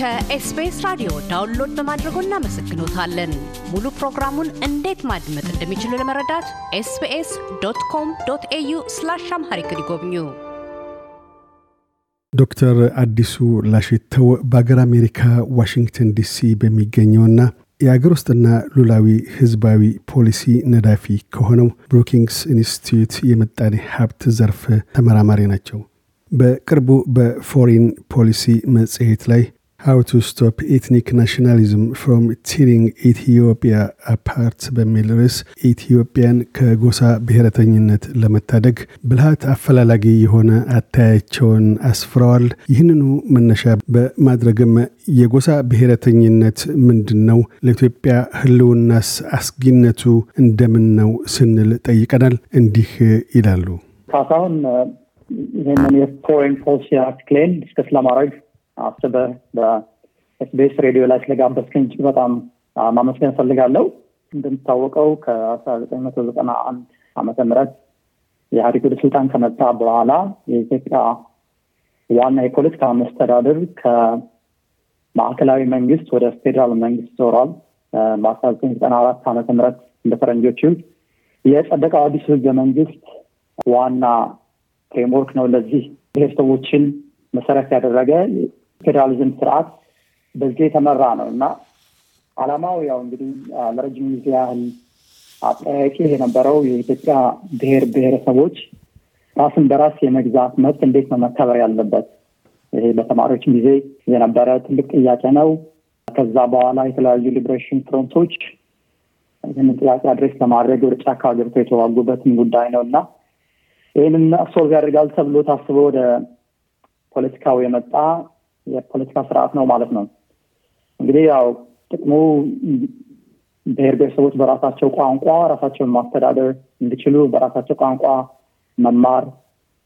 ከኤስቢኤስ ራዲዮ ዳውንሎድ በማድረጎ እናመሰግኖታለን። ሙሉ ፕሮግራሙን እንዴት ማድመጥ እንደሚችሉ ለመረዳት ኤስቢኤስ ዶት ኮም ዶት ኤዩ ስላሽ አምሃሪክ ይጎብኙ። ዶክተር አዲሱ ላሽተው በአገር አሜሪካ ዋሽንግተን ዲሲ በሚገኘውና የአገር ውስጥና ሉላዊ ህዝባዊ ፖሊሲ ነዳፊ ከሆነው ብሩኪንግስ ኢንስቲትዩት የምጣኔ ሀብት ዘርፍ ተመራማሪ ናቸው። በቅርቡ በፎሪን ፖሊሲ መጽሔት ላይ ሀው ቱ ስቶፕ ኤትኒክ ናሽናሊዝም ፍሮም ቲሪንግ ኢትዮጵያ አፓርት በሚል ርዕስ ኢትዮጵያን ከጎሳ ብሔረተኝነት ለመታደግ ብልሃት አፈላላጊ የሆነ አታያቸውን አስፍረዋል። ይህንኑ መነሻ በማድረግም የጎሳ ብሔረተኝነት ምንድን ነው? ለኢትዮጵያ ህልውናስ አስጊነቱ እንደምን ነው ስንል ጠይቀናል። እንዲህ ይላሉ። ካሳሁን ይህንን የፎሬን ፖሊሲ አርቲክሌን ዲስከስ ለማድረግ አስበ በኤስቢኤስ ሬዲዮ ላይ ስለጋበዝከኝ እጅግ በጣም ማመስገን ፈልጋለሁ። እንደሚታወቀው ከአስራ ዘጠኝ መቶ ዘጠና አንድ ዓመተ ምህረት የኢህአዴግ ወደ ስልጣን ከመጣ በኋላ የኢትዮጵያ ዋና የፖለቲካ መስተዳድር ከማዕከላዊ መንግስት ወደ ፌዴራል መንግስት ዞሯል። በአስራ ዘጠኝ ዘጠና አራት ዓመተ ምህረት እንደ ፈረንጆቹ የጸደቀው አዲሱ ህገ መንግስት ዋና ፍሬምወርክ ነው። ለዚህ ብሔረሰቦችን መሰረት ያደረገ ፌዴራሊዝም ስርዓት በዚህ የተመራ ነው እና አላማው ያው እንግዲህ ለረጅም ጊዜ ያህል አጠያቂ የነበረው የኢትዮጵያ ብሔር ብሔረሰቦች ራስን በራስ የመግዛት መብት እንዴት ነው መከበር ያለበት? ይሄ በተማሪዎች ጊዜ የነበረ ትልቅ ጥያቄ ነው። ከዛ በኋላ የተለያዩ ሊብሬሽን ፍሮንቶች ይህንን ጥያቄ አድሬስ ለማድረግ ወደ ጫካ ገብተው የተዋጉበትን ጉዳይ ነው እና ይህንን አብሶልቭ ያደርጋል ተብሎ ታስቦ ወደ ፖለቲካው የመጣ የፖለቲካ ስርዓት ነው ማለት ነው። እንግዲህ ያው ጥቅሙ ብሔር ብሔረሰቦች በራሳቸው ቋንቋ ራሳቸውን ማስተዳደር እንዲችሉ፣ በራሳቸው ቋንቋ መማር፣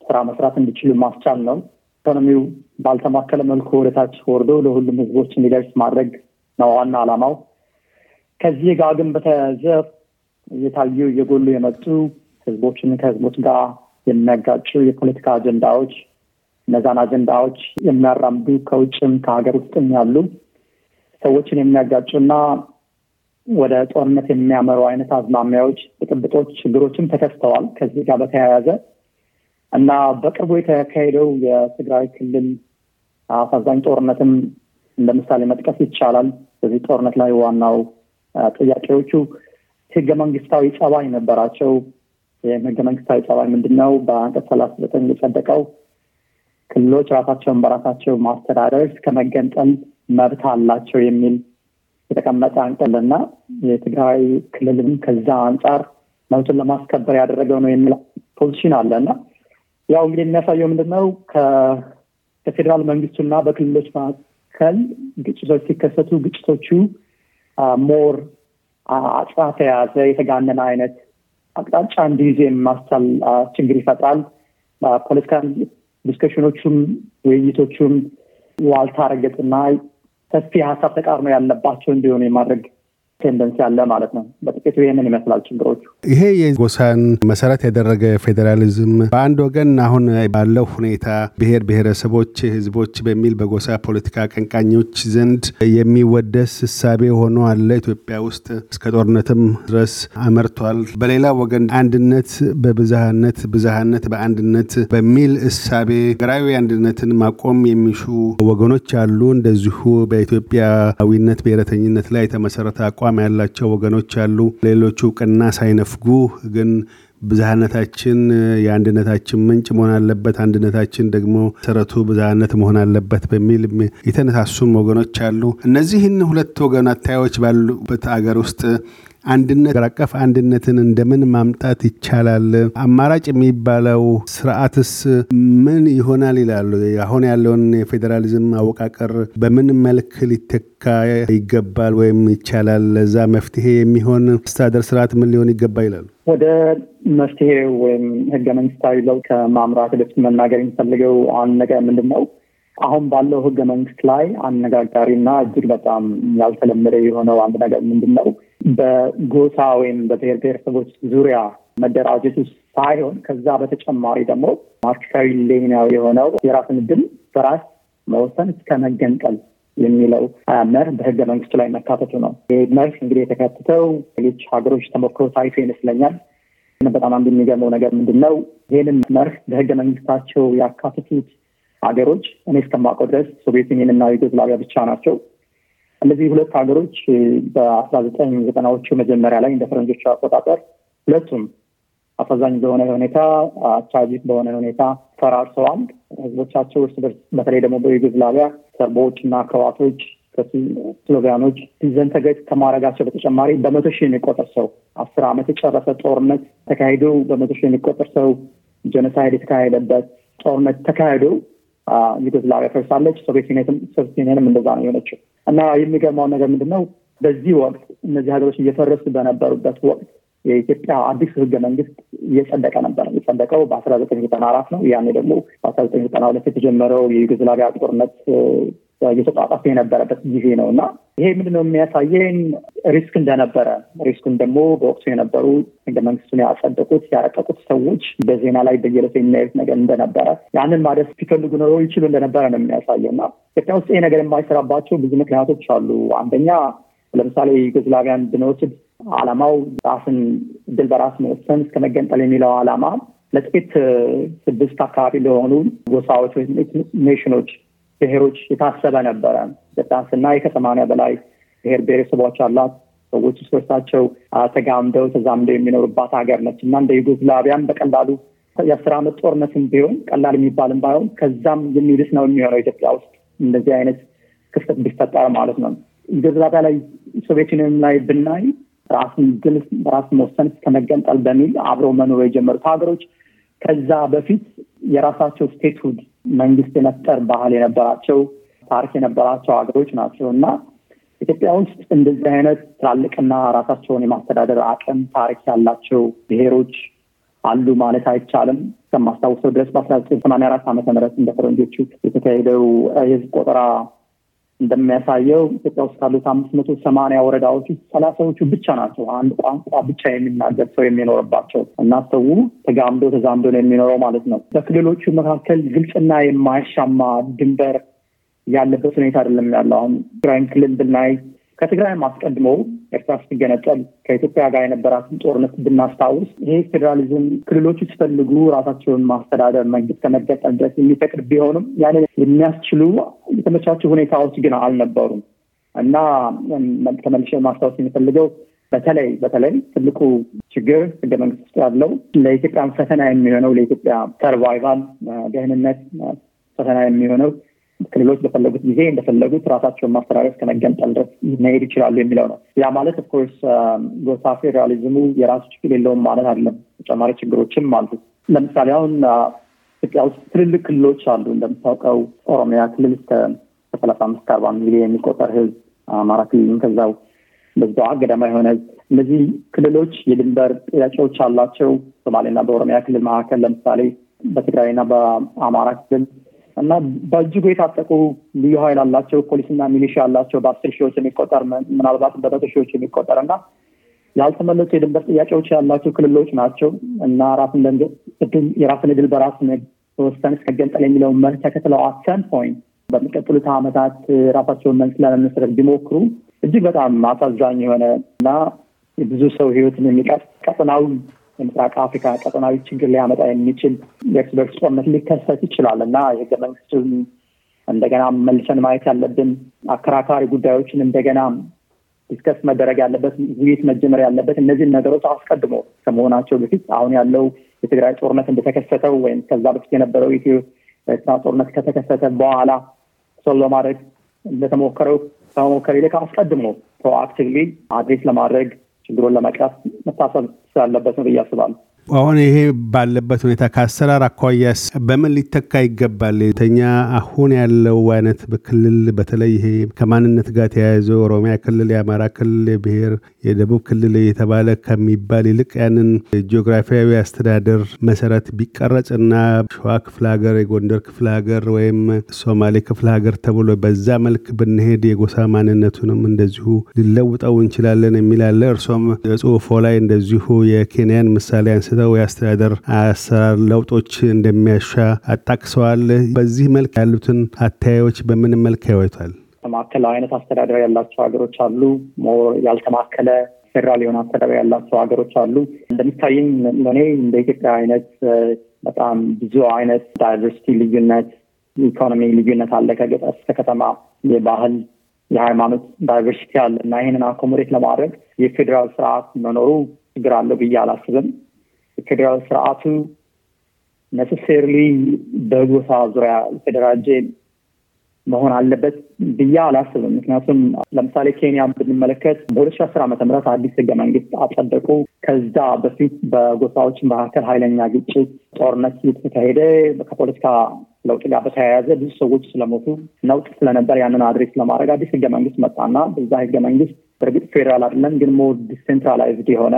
ስራ መስራት እንዲችሉ ማስቻል ነው። ኢኮኖሚው ባልተማከለ መልኩ ወደታች ወርዶ ለሁሉም ህዝቦች እንዲደርስ ማድረግ ነው ዋና አላማው ከዚህ ጋር ግን በተያያዘ እየታዩ እየጎሉ የመጡ ህዝቦችን ከህዝቦች ጋር የሚያጋጩ የፖለቲካ አጀንዳዎች እነዛን አጀንዳዎች የሚያራምዱ ከውጭም ከሀገር ውስጥም ያሉ ሰዎችን የሚያጋጩና ወደ ጦርነት የሚያመሩ አይነት አዝማሚያዎች፣ ብጥብጦች፣ ችግሮችም ተከስተዋል ከዚህ ጋር በተያያዘ እና በቅርቡ የተካሄደው የትግራይ ክልል አሳዛኝ ጦርነትም እንደ ምሳሌ መጥቀስ ይቻላል። በዚህ ጦርነት ላይ ዋናው ጥያቄዎቹ ህገ መንግስታዊ ጸባይ ነበራቸው። ይህም ህገ መንግስታዊ ጸባይ ምንድን ነው? በአንቀጽ ሰላሳ ዘጠኝ የጸደቀው ክልሎች ራሳቸውን በራሳቸው ማስተዳደር እስከ መገንጠል መብት አላቸው የሚል የተቀመጠ አንቀል እና የትግራይ ክልልም ከዛ አንጻር መብቱን ለማስከበር ያደረገው ነው የሚል ፖዚሽን አለ እና ያው እንግዲህ የሚያሳየው ምንድነው ከፌዴራል መንግስቱና በክልሎች መካከል ግጭቶች ሲከሰቱ ግጭቶቹ ሞር አጽፋ የያዘ የተጋነነ አይነት አቅጣጫ እንዲይዝ የማስቻል ችግር ይፈጥራል። ፖለቲካ ዲስከሽኖቹም ውይይቶቹም ዋልታ ረገጥና ሰፊ ሀሳብ ተቃርኖ ያለባቸው እንዲሆኑ የማድረግ ቴንደንስ ያለ ማለት ነው። በጥቂቱ ይህንን ይመስላል ችግሮቹ። ይሄ የጎሳን መሰረት ያደረገ ፌዴራሊዝም በአንድ ወገን አሁን ባለው ሁኔታ ብሔር ብሔረሰቦች፣ ህዝቦች በሚል በጎሳ ፖለቲካ አቀንቃኞች ዘንድ የሚወደስ እሳቤ ሆኖ አለ። ኢትዮጵያ ውስጥ እስከ ጦርነትም ድረስ አመርቷል። በሌላ ወገን አንድነት በብዝሃነት ብዝሃነት በአንድነት በሚል እሳቤ ሀገራዊ አንድነትን ማቆም የሚሹ ወገኖች አሉ። እንደዚሁ በኢትዮጵያዊነት ብሔረተኝነት ላይ የተመሰረተ አቋም አቋም ያላቸው ወገኖች አሉ። ሌሎቹ እውቅና ሳይነፍጉ ግን ብዝሃነታችን የአንድነታችን ምንጭ መሆን አለበት፣ አንድነታችን ደግሞ መሰረቱ ብዝሃነት መሆን አለበት በሚል የተነሳሱም ወገኖች አሉ። እነዚህን ሁለት ወገን አታዮች ባሉበት አገር ውስጥ አንድነት አገር አቀፍ አንድነትን እንደምን ማምጣት ይቻላል? አማራጭ የሚባለው ስርዓትስ ምን ይሆናል ይላሉ። አሁን ያለውን የፌዴራሊዝም አወቃቀር በምን መልክ ሊተካ ይገባል ወይም ይቻላል? ለዛ መፍትሄ የሚሆን አስተዳደር ስርዓት ምን ሊሆን ይገባ ይላሉ። ወደ መፍትሄ ወይም ህገ መንግስታዊ ለውጥ ከማምራት በፊት መናገር የሚፈልገው አንድ ነገር ምንድን ነው? አሁን ባለው ህገ መንግስት ላይ አነጋጋሪና እጅግ በጣም ያልተለመደ የሆነው አንድ ነገር ምንድን ነው? በጎሳ ወይም በብሔር ብሔረሰቦች ዙሪያ መደራጀት ውስጥ ሳይሆን ከዛ በተጨማሪ ደግሞ ማርክሳዊ ሌኒናዊ የሆነው የራስን ድል በራስ መወሰን እስከ መገንጠል የሚለው መርህ በህገ መንግስቱ ላይ መካተቱ ነው። ይህ መርህ እንግዲህ የተካተተው ሌሎች ሀገሮች ተሞክሮ ታይቶ ይመስለኛል። በጣም አንዱ የሚገርመው ነገር ምንድን ነው? ይህንን መርህ በህገ መንግስታቸው ያካተቱት ሀገሮች እኔ እስከማውቀው ድረስ ሶቪየት ዩኒየን እና ዩጎዝላቪያ ብቻ ናቸው። እነዚህ ሁለት ሀገሮች በአስራ ዘጠኝ ዘጠናዎቹ መጀመሪያ ላይ እንደ ፈረንጆቹ አቆጣጠር ሁለቱም አሳዛኝ በሆነ ሁኔታ ትራጂክ በሆነ ሁኔታ ፈራርሰዋል። ህዝቦቻቸው እርስ በርስ በተለይ ደግሞ በዩጎዝላቪያ ሰርቦች እና ክሮዋቶች ስሎቪያኖች ዲዘንተገጅ ከማድረጋቸው በተጨማሪ በመቶ ሺህ የሚቆጠር ሰው አስር ዓመት የጨረሰ ጦርነት ተካሂዶ በመቶ ሺህ የሚቆጠር ሰው ጀኖሳይድ የተካሄደበት ጦርነት ተካሂዶ ዩጎዝላቪያ ፈርሳለች። ሶቪየት ዩኒየንም እንደዛ ነው የሆነችው እና የሚገርማው ነገር ምንድነው በዚህ ወቅት እነዚህ ሀገሮች እየፈረሱ በነበሩበት ወቅት የኢትዮጵያ አዲስ ህገ መንግስት እየጸደቀ ነበር። የጸደቀው በአስራ ዘጠኝ ዘጠና አራት ነው። ያኔ ደግሞ በአስራ ዘጠኝ ዘጠና ሁለት የተጀመረው የዩጎዝላቪያ ጦርነት እየተጧጧፈ የነበረበት ጊዜ ነው እና ይሄ ምንድነው የሚያሳየን ሪስክ እንደነበረ ሪስኩን ደግሞ በወቅቱ የነበሩ ህገ መንግስቱን ያጸደቁት ያረቀቁት ሰዎች በዜና ላይ በየለት የሚያዩት ነገር እንደነበረ ያንን ማለት ሲፈልጉ ኖሮ ይችሉ እንደነበረ ነው የሚያሳየው እና ኢትዮጵያ ውስጥ ይሄ ነገር የማይሰራባቸው ብዙ ምክንያቶች አሉ። አንደኛ ለምሳሌ ዩጎዝላቪያን ብንወስድ አላማው ራስን ድል በራስ መወሰን እስከ መገንጠል የሚለው አላማ ለጥቂት ስድስት አካባቢ ለሆኑ ጎሳዎች ወይም ኔሽኖች ብሔሮች የታሰበ ነበረ። ኢትዮጵያ ስናይ ከሰማንያ በላይ ብሔር ብሔረሰቦች አሏት። ሰዎች እርስ በርሳቸው ተጋምደው ተዛምደው የሚኖሩባት ሀገር ነች እና እንደ ዩጎስላቪያን በቀላሉ የአስር ዓመት ጦርነትም ቢሆን ቀላል የሚባልም ባይሆን ከዛም የሚልስ ነው የሚሆነው ኢትዮጵያ ውስጥ እንደዚህ አይነት ክፍተት ቢፈጠር ማለት ነው። ዩጎዝላቪያ ላይ ሶቪየት ዩኒየን ላይ ብናይ ራስን ግል በራስ መወሰን እስከመገንጠል በሚል አብሮ መኖር የጀመሩት ሀገሮች ከዛ በፊት የራሳቸው ስቴትሁድ መንግስት የመፍጠር ባህል የነበራቸው ታሪክ የነበራቸው ሀገሮች ናቸው እና ኢትዮጵያ ውስጥ እንደዚህ አይነት ትላልቅና ራሳቸውን የማስተዳደር አቅም ታሪክ ያላቸው ብሔሮች አሉ ማለት አይቻልም። እስከማስታውሰው ድረስ በአስራ ዘጠኝ ሰማንያ አራት ዓመተ ምህረት እንደ ፈረንጆቹ የተካሄደው የህዝብ ቆጠራ እንደሚያሳየው ኢትዮጵያ ውስጥ ካሉት አምስት መቶ ሰማንያ ወረዳዎች ውስጥ ሰላሳዎቹ ብቻ ናቸው አንድ ቋንቋ ብቻ የሚናገር ሰው የሚኖርባቸው እና ሰው ተጋምዶ ተዛምዶ ነው የሚኖረው ማለት ነው። በክልሎቹ መካከል ግልጽና የማያሻማ ድንበር ያለበት ሁኔታ አይደለም ያለው። አሁን ትግራይን ክልል ብናይ ከትግራይ አስቀድሞ ኤርትራ ስትገነጠል ከኢትዮጵያ ጋር የነበራትን ጦርነት ብናስታውስ ይሄ ፌዴራሊዝም ክልሎቹ ሲፈልጉ ራሳቸውን ማስተዳደር መንግስት ከመገጠል ድረስ የሚፈቅድ ቢሆንም ያ የሚያስችሉ የተመቻቸው ሁኔታዎች ግን አልነበሩም እና ተመልሼ ማስታወስ የሚፈልገው በተለይ በተለይ ትልቁ ችግር ህገ መንግስት ውስጥ ያለው ለኢትዮጵያ ፈተና የሚሆነው ለኢትዮጵያ ሰርቫይቫል ደህንነት ፈተና የሚሆነው ክልሎች በፈለጉት ጊዜ እንደፈለጉት ራሳቸውን ማስተዳደር ከመገንጠል ድረስ መሄድ ይችላሉ የሚለው ነው። ያ ማለት ኦፍኮርስ um, ጎሳ ፌዴራሊዝሙ የራሱ ችግር የለውም ማለት አይደለም። ተጨማሪ ችግሮችም አሉ። ለምሳሌ አሁን uh, ኢትዮጵያ ውስጥ ትልልቅ ክልሎች አሉ። እንደምታውቀው ኦሮሚያ ክልል እስከ ሰላሳ አምስት ከአርባ ሚሊዮን የሚቆጠር ህዝብ፣ አማራ ክልልም ከዛው በዛው አገዳማ የሆነ ህዝብ። እነዚህ ክልሎች የድንበር ጥያቄዎች አላቸው። ሶማሌና በኦሮሚያ ክልል መካከል ለምሳሌ በትግራይና በአማራ ክልል እና በእጅጉ የታጠቁ ልዩ ኃይል አላቸው። ፖሊስና ሚሊሻ አላቸው። በአስር ሺዎች የሚቆጠር ምናልባት በመቶ ሺዎች የሚቆጠር እና ያልተመለሱ የድንበር ጥያቄዎች ያላቸው ክልሎች ናቸው እና የራስን እድል በራስ ወሰን እስከገንጠል የሚለውን መርህ ተከትለው አሰን ፖይንት በሚቀጥሉት ዓመታት ራሳቸውን መልስ ለመመስረት ቢሞክሩ እጅግ በጣም አሳዛኝ የሆነ እና ብዙ ሰው ህይወትን የሚቀጥ ቀጠናዊ የምስራቅ አፍሪካ ቀጠናዊ ችግር ሊያመጣ የሚችል የእርስ በርስ ጦርነት ሊከሰት ይችላል እና የህገ መንግስቱን እንደገና መልሰን ማየት ያለብን አከራካሪ ጉዳዮችን እንደገና ዲስከስ መደረግ ያለበት ውይይት መጀመር ያለበት እነዚህን ነገሮች አስቀድሞ ከመሆናቸው በፊት አሁን ያለው የትግራይ ጦርነት እንደተከሰተው ወይም ከዛ በፊት የነበረው ኢትዮ ኤርትራ ጦርነት ከተከሰተ በኋላ ሰው ለማድረግ እንደተሞከረው ከመሞከር ይልቅ አስቀድሞ ፕሮአክቲቭሊ አድሬስ ለማድረግ ችግሩን ለመቅረፍ መታሰብ ስላለበት ነው ብዬ አስባለሁ። አሁን ይሄ ባለበት ሁኔታ ከአሰራር አኳያስ በምን ሊተካ ይገባል? የተኛ አሁን ያለው አይነት በክልል በተለይ ይሄ ከማንነት ጋር ተያይዞ ኦሮሚያ ክልል፣ የአማራ ክልል፣ የብሔር የደቡብ ክልል የተባለ ከሚባል ይልቅ ያንን ጂኦግራፊያዊ አስተዳደር መሰረት ቢቀረጽና ሸዋ ክፍለ ሀገር፣ የጎንደር ክፍለ ሀገር ወይም ሶማሌ ክፍለ ሀገር ተብሎ በዛ መልክ ብንሄድ የጎሳ ማንነቱንም እንደዚሁ ሊለውጠው እንችላለን የሚላለ እርሶም ጽሁፎ ላይ እንደዚሁ የኬንያን ምሳሌ አንስ አንስተው የአስተዳደር አሰራር ለውጦች እንደሚያሻ አጣቅሰዋል። በዚህ መልክ ያሉትን አተያዮች በምን መልክ ያወቷል? የተማከለ አይነት አስተዳደር ያላቸው ሀገሮች አሉ። ያልተማከለ ፌዴራል የሆነ አስተዳደር ያላቸው ሀገሮች አሉ። እንደሚታየኝ እኔ እንደ ኢትዮጵያ አይነት በጣም ብዙ አይነት ዳይቨርሲቲ ልዩነት፣ ኢኮኖሚ ልዩነት አለ። ከገጠር እስከ ከተማ የባህል የሃይማኖት ዳይቨርሲቲ አለ እና ይህንን አኮሞዴት ለማድረግ የፌዴራል ስርዓት መኖሩ ችግር አለው ብዬ አላስብም። የፌዴራል ስርዓቱ ነሰሴርሊ በጎሳ ዙሪያ የተደራጀ መሆን አለበት ብዬ አላስብም። ምክንያቱም ለምሳሌ ኬንያ ብንመለከት በሁለት ሺ አስር ዓመተ ምህረት አዲስ ህገ መንግስት አጸደቁ። ከዛ በፊት በጎሳዎች መካከል ኃይለኛ ግጭት፣ ጦርነት የተካሄደ ከፖለቲካ ለውጥ ጋር በተያያዘ ብዙ ሰዎች ስለሞቱ ነውጥ ስለነበር ያንን አድሬስ ለማድረግ አዲስ ህገ መንግስት መጣና በዛ ህገ መንግስት በእርግጥ ፌዴራል አይደለም ግን ሞር ዲሴንትራላይዝድ የሆነ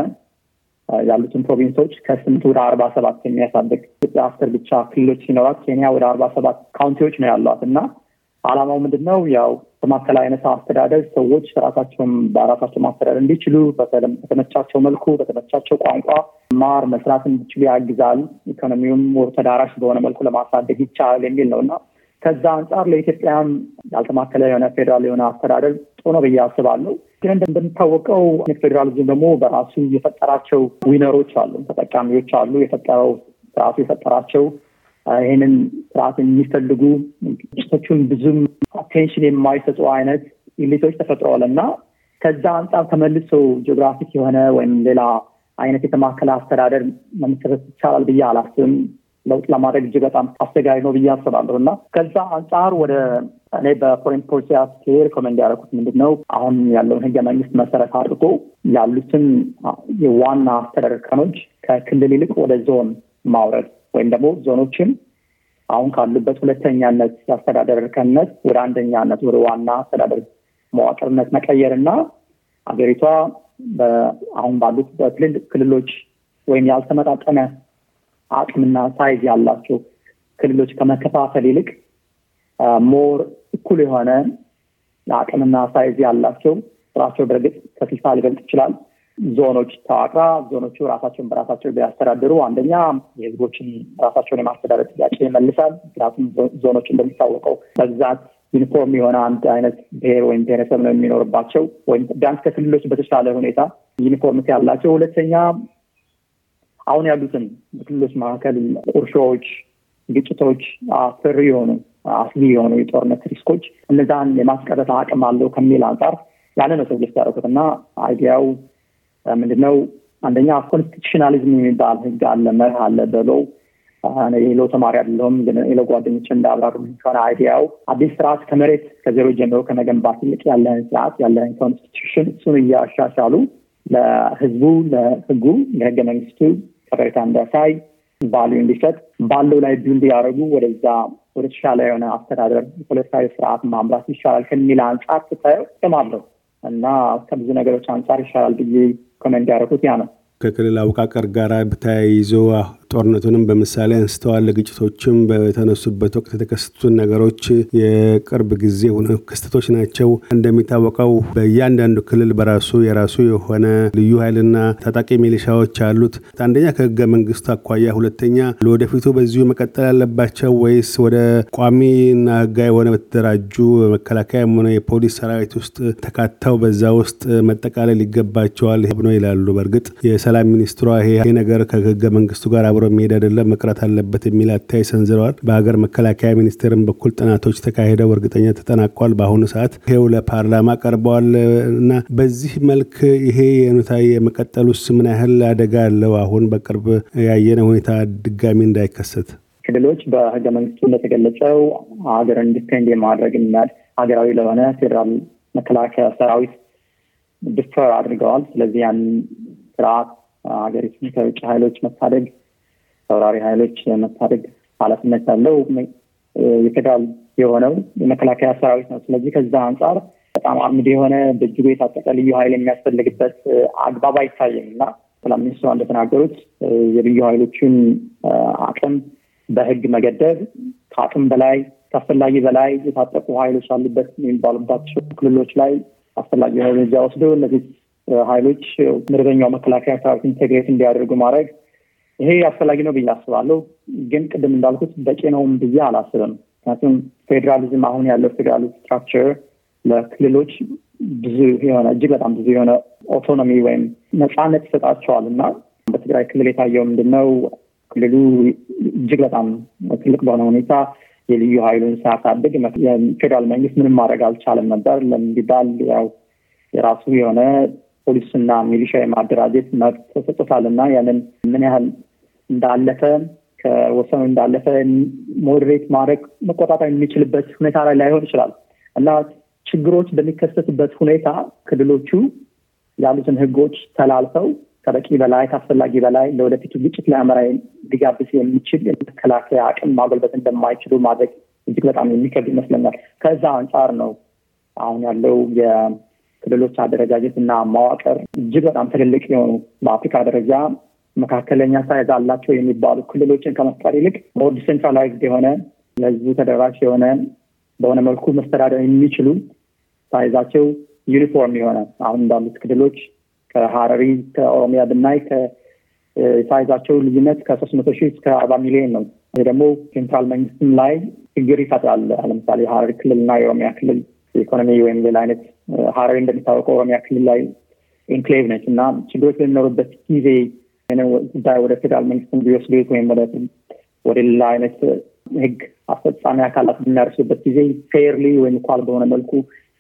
ያሉትን ፕሮቪንሶች ከስምንት ወደ አርባ ሰባት የሚያሳድግ ኢትዮጵያ አስር ብቻ ክልሎች ሲኖራት ኬንያ ወደ አርባ ሰባት ካውንቲዎች ነው ያሏት እና አላማው ምንድን ነው? ያው በማዕከላዊ አይነት አስተዳደር ሰዎች ራሳቸውን በራሳቸው ማስተዳደር እንዲችሉ በተመቻቸው መልኩ በተመቻቸው ቋንቋ ማር መስራት እንዲችሉ ያግዛል። ኢኮኖሚውም ተዳራሽ በሆነ መልኩ ለማሳደግ ይቻላል የሚል ነው እና ከዛ አንጻር ለኢትዮጵያም ያልተማከለ የሆነ ፌዴራል የሆነ አስተዳደር ጥሩ ነው ብዬ አስባለሁ። ግን እንደሚታወቀው ፌዴራሊዝም ደግሞ በራሱ የፈጠራቸው ዊነሮች አሉ፣ ተጠቃሚዎች አሉ። የፈጠረው ስርዓቱ የፈጠራቸው ይህንን ስርዓት የሚፈልጉ ቶቹን ብዙም አቴንሽን የማይሰጡ አይነት ኢሊቶች ተፈጥረዋል እና ከዛ አንጻር ተመልሶ ጂኦግራፊክ የሆነ ወይም ሌላ አይነት የተማከለ አስተዳደር መመሰረት ይቻላል ብዬ አላስብም። ለውጥ ለማድረግ እጅግ በጣም አስቸጋሪ ነው ብዬ አስባለሁ እና ከዛ አንጻር ወደ እኔ በፎሬን ፖሊሲ አስኬር ኮመንድ ያደረኩት ምንድን ነው አሁን ያለውን ህገ መንግስት መሰረት አድርጎ ያሉትን የዋና አስተዳደር ቀኖች ከክልል ይልቅ ወደ ዞን ማውረድ ወይም ደግሞ ዞኖችን አሁን ካሉበት ሁለተኛነት የአስተዳደር እርከንነት ወደ አንደኛነት ወደ ዋና አስተዳደር መዋቅርነት መቀየር እና ሀገሪቷ አሁን ባሉት በትልልቅ ክልሎች ወይም ያልተመጣጠነ አቅምና ሳይዝ ያላቸው ክልሎች ከመከፋፈል ይልቅ ሞር እኩል የሆነ አቅምና ሳይዝ ያላቸው ራቸው በእርግጥ ከስልሳ ሊበልጥ ይችላል ዞኖች ተዋቅራ ዞኖቹ ራሳቸውን በራሳቸው ቢያስተዳድሩ አንደኛ የህዝቦችን ራሳቸውን የማስተዳደር ጥያቄ ይመልሳል። ምክንያቱም ዞኖች እንደሚታወቀው በብዛት ዩኒፎርም የሆነ አንድ አይነት ብሔር ወይም ብሔረሰብ ነው የሚኖርባቸው ወይም ቢያንስ ከክልሎች በተሻለ ሁኔታ ዩኒፎርምስ ያላቸው። ሁለተኛ አሁን ያሉትን በክልሎች መካከል ቁርሾዎች፣ ግጭቶች፣ አስፈሪ የሆኑ አስጊ የሆኑ የጦርነት ሪስኮች እነዛን የማስቀረት አቅም አለው ከሚል አንጻር ያለ ነው ሰው ልስ ያደረጉት እና አይዲያው ምንድነው? አንደኛ ኮንስቲቱሽናሊዝም የሚባል ህግ አለ፣ መርህ አለ በለው የሌሎ ተማሪ አይደለሁም፣ ግን የሌሎ ጓደኞች እንዳብራሩ ከሆነ አይዲያው አዲስ ስርዓት ከመሬት ከዜሮ ጀምሮ ከመገንባት ይልቅ ያለህን ስርዓት ያለህን ኮንስቲቱሽን እሱን እያሻሻሉ ለህዝቡ፣ ለህጉ፣ ለህገ መንግስቱ ቅሬታ እንዳሳይ ቫሊዩ እንዲሰጥ ባለው ላይ ቢልድ ያደረጉ ወደዛ ወደ ተሻለ የሆነ አስተዳደር ፖለቲካዊ ስርዓት ማምራት ይሻላል ከሚል አንጻር ስታየው ጥማለሁ እና ከብዙ ነገሮች አንጻር ይሻላል ብዬ ኮመንት ያደረጉት ያ ነው። ከክልል አወቃቀር ጋር ተያይዞ ጦርነቱንም በምሳሌ አንስተዋል። ግጭቶችም በተነሱበት ወቅት የተከሰቱ ነገሮች የቅርብ ጊዜ ክስተቶች ናቸው። እንደሚታወቀው በእያንዳንዱ ክልል በራሱ የራሱ የሆነ ልዩ ኃይልና ታጣቂ ሚሊሻዎች አሉት። አንደኛ ከህገ መንግስቱ አኳያ፣ ሁለተኛ ለወደፊቱ በዚሁ መቀጠል አለባቸው ወይስ ወደ ቋሚና ህጋ የሆነ በተደራጁ መከላከያም ሆነ የፖሊስ ሰራዊት ውስጥ ተካተው በዛ ውስጥ መጠቃለል ይገባቸዋል ነው ይላሉ። በእርግጥ የሰላም ሚኒስትሯ ይሄ ነገር ከህገ መንግስቱ ጋር አብሮ የሚሄድ አይደለም፣ መቅረት አለበት የሚል አታይ ሰንዝረዋል። በሀገር መከላከያ ሚኒስቴርም በኩል ጥናቶች ተካሂደው እርግጠኛ ተጠናቋል። በአሁኑ ሰዓት ይሄው ለፓርላማ ቀርበዋል እና በዚህ መልክ ይሄ የሁኔታ የመቀጠል ውስጥ ምን ያህል አደጋ አለው? አሁን በቅርብ ያየነ ሁኔታ ድጋሚ እንዳይከሰት ክልሎች በህገ መንግስቱ እንደተገለጸው ሀገር ዲፔንድ የማድረግ እናል ሀገራዊ ለሆነ ፌዴራል መከላከያ ሰራዊት ዲስትሮይ አድርገዋል። ስለዚህ ያን ስርዓት ሀገሪቱን ከውጭ ኃይሎች መታደግ ተወራሪ ኃይሎች የመታደግ ኃላፊነት ያለው የፌደራል የሆነው የመከላከያ ሰራዊት ነው። ስለዚህ ከዛ አንጻር በጣም አርምድ የሆነ በእጅጉ የታጠቀ ልዩ ኃይል የሚያስፈልግበት አግባብ አይታይም እና ሰላም ሚኒስትሯ እንደተናገሩት የልዩ ኃይሎችን አቅም በህግ መገደብ ከአቅም በላይ ከአስፈላጊ በላይ የታጠቁ ኃይሎች አሉበት የሚባሉባቸው ክልሎች ላይ አስፈላጊ እርምጃ ወስዶ እነዚህ ኃይሎች መደበኛው መከላከያ ሰራዊት ኢንቴግሬት እንዲያደርጉ ማድረግ ይሄ አስፈላጊ ነው ብዬ አስባለሁ። ግን ቅድም እንዳልኩት በቂ ነውም ብዬ አላስብም። ምክንያቱም ፌዴራሊዝም አሁን ያለው ፌዴራል ስትራክቸር ለክልሎች ብዙ የሆነ እጅግ በጣም ብዙ የሆነ ኦቶኖሚ ወይም ነፃነት ይሰጣቸዋል እና በትግራይ ክልል የታየው ምንድነው ክልሉ እጅግ በጣም ትልቅ በሆነ ሁኔታ የልዩ ኃይሉን ሲያሳድግ ፌዴራል መንግስት ምንም ማድረግ አልቻለም ነበር። ለምን ያው የራሱ የሆነ ፖሊስና ሚሊሻ የማደራጀት መብት ተሰጥቶታል እና ያንን ምን ያህል እንዳለፈ ከወሰኑ እንዳለፈ ሞዴሬት ማድረግ መቆጣጠር የሚችልበት ሁኔታ ላይ ላይሆን ይችላል እና ችግሮች በሚከሰትበት ሁኔታ ክልሎቹ ያሉትን ህጎች ተላልፈው ከበቂ በላይ ከአስፈላጊ በላይ ለወደፊቱ ግጭት ሊያመራ ሊጋብዝ የሚችል የመከላከያ አቅም ማጎልበት እንደማይችሉ ማድረግ እጅግ በጣም የሚከብድ ይመስለናል። ከዛ አንጻር ነው አሁን ያለው የክልሎች አደረጃጀት እና ማዋቀር እጅግ በጣም ትልልቅ የሆኑ በአፍሪካ ደረጃ መካከለኛ ሳይዝ አላቸው የሚባሉ ክልሎችን ከመፍጠር ይልቅ ሞር ዲሴንትራላይዝድ የሆነ ለህዝቡ ተደራሽ የሆነ በሆነ መልኩ መስተዳደር የሚችሉ ሳይዛቸው ዩኒፎርም የሆነ አሁን እንዳሉት ክልሎች ከሀረሪ ከኦሮሚያ ብናይ ሳይዛቸው ልዩነት ከሶስት መቶ ሺህ እስከ አርባ ሚሊዮን ነው። ይህ ደግሞ ሴንትራል መንግስትም ላይ ችግር ይፈጥራል። ለምሳሌ ሀረሪ ክልል እና የኦሮሚያ ክልል ኢኮኖሚ ወይም ሌላ አይነት ሀረሪ እንደሚታወቀው ኦሮሚያ ክልል ላይ ኢንክሌቭ ነች እና ችግሮች በሚኖሩበት ጊዜ ጉዳይ ወደ ፌዴራል መንግስትን ቢወስዱ ወይም ወደ ሌላ አይነት ህግ አስፈጻሚ አካላት በሚያደርሱበት ጊዜ ፌርሊ ወይም ኳል በሆነ መልኩ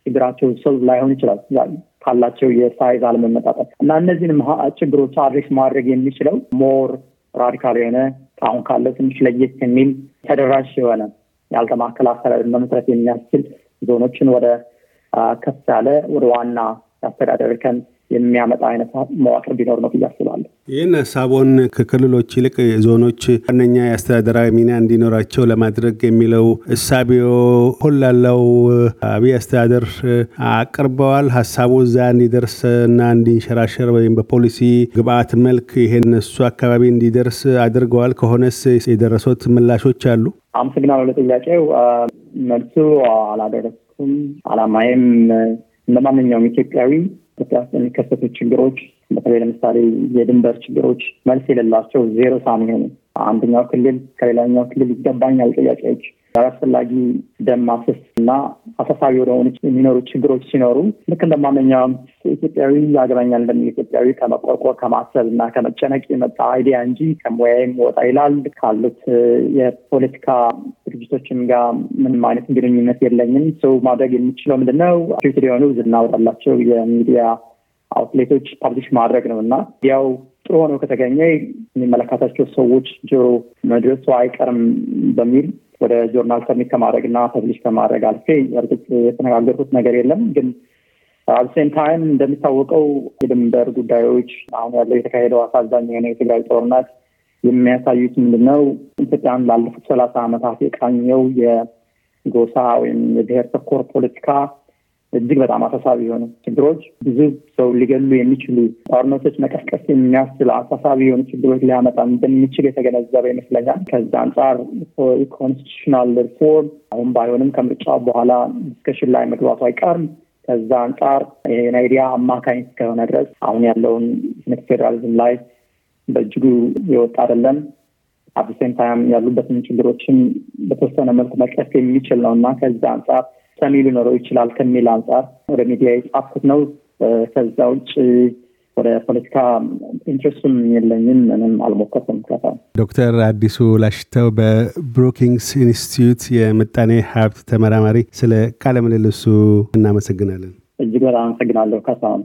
ችግራቸው ሰው ላይሆን ይችላል ካላቸው የሳይዝ አለመመጣጠል እና እነዚህን ችግሮች አድሬስ ማድረግ የሚችለው ሞር ራዲካል የሆነ አሁን ካለ ትንሽ ለየት የሚል ተደራሽ የሆነ ያልተማከል አስተዳደር መመስረት የሚያስችል ዞኖችን ወደ ከፍ ያለ ወደ ዋና አስተዳደር ከን የሚያመጣ አይነት መዋቅር ቢኖር ነው ብዬ አስባለሁ። ይህን ሀሳቦን ከክልሎች ይልቅ ዞኖች ዋነኛ የአስተዳደራዊ ሚና እንዲኖራቸው ለማድረግ የሚለው እሳቢዮ ሁላለው አብይ አስተዳደር አቅርበዋል። ሀሳቡ እዛ እንዲደርስ እና እንዲንሸራሸር ወይም በፖሊሲ ግብአት መልክ ይሄን እሱ አካባቢ እንዲደርስ አድርገዋል። ከሆነስ የደረሱት ምላሾች አሉ? አመሰግናለሁ ለጥያቄው። መልሱ አላደረስኩም። አላማዬም ለማንኛውም ኢትዮጵያዊ ኢትዮጵያ ውስጥ የሚከሰቱ ችግሮች በተለይ ለምሳሌ የድንበር ችግሮች መልስ የሌላቸው ዜሮ ሳም የሆኑ አንደኛው ክልል ከሌላኛው ክልል ይገባኛል ጥያቄዎች አላስፈላጊ ደም ማፍሰስ እና አሳሳቢ ወደሆኑ የሚኖሩ ችግሮች ሲኖሩ ልክ እንደማንኛውም ኢትዮጵያዊ ያገባኛል እንደሚል ኢትዮጵያዊ ከመቆርቆር ከማሰብ እና ከመጨነቅ የመጣ አይዲያ እንጂ ከሙያይም ወጣ ይላል ካሉት የፖለቲካ ድርጅቶችም ጋር ምንም አይነት ግንኙነት የለኝም። ሰው ማድረግ የምችለው ምንድነው ሪት የሆኑ ዝናወጣላቸው የሚዲያ አውትሌቶች ፐብሊሽ ማድረግ ነው እና ያው ጥሩ ሆኖ ከተገኘ የሚመለከታቸው ሰዎች ጆሮ መድረሱ አይቀርም በሚል ወደ ጆርናል ሰሚት ከማድረግ እና ፐብሊሽ ከማድረግ አልፌ እርግጥ የተነጋገርኩት ነገር የለም ግን አብሴም ታይም እንደሚታወቀው የድንበር ጉዳዮች አሁን ያለው የተካሄደው አሳዛኝ የሆነ የትግራይ ጦርነት የሚያሳዩት ምንድነው? ኢትዮጵያን ላለፉት ሰላሳ ዓመታት የቃኘው የጎሳ ወይም የብሔር ተኮር ፖለቲካ እጅግ በጣም አሳሳቢ የሆኑ ችግሮች ብዙ ሰው ሊገሉ የሚችሉ ጦርነቶች መቀስቀስ የሚያስችል አሳሳቢ የሆኑ ችግሮች ሊያመጣ እንደሚችል የተገነዘበ ይመስለኛል። ከዛ አንጻር ኮንስቲቱሽናል ሪፎርም አሁን ባይሆንም ከምርጫ በኋላ ዲስከሽን ላይ መግባቱ አይቀርም። ከዛ አንጻር የናይዲያ አማካኝ እስከሆነ ድረስ አሁን ያለውን ፌዴራሊዝም ላይ በእጅጉ የወጣ አይደለም። አብሴን ታይም ያሉበትን ችግሮችን በተወሰነ መልኩ መቅረፍ የሚችል ነው እና ከዛ አንጻር ሰሚ ሊኖረው ይችላል ከሚል አንጻር ወደ ሚዲያ የጻፍኩት ነው። ከዛ ውጭ ወደ ፖለቲካ ኢንትረስቱም የለኝም፣ ምንም አልሞከርኩም። ከታ ዶክተር አዲሱ ላሽተው በብሩኪንግስ ኢንስቲትዩት የምጣኔ ሀብት ተመራማሪ፣ ስለ ቃለ ምልልሱ እናመሰግናለን። እጅግ በጣም አመሰግናለሁ ካሳሁን።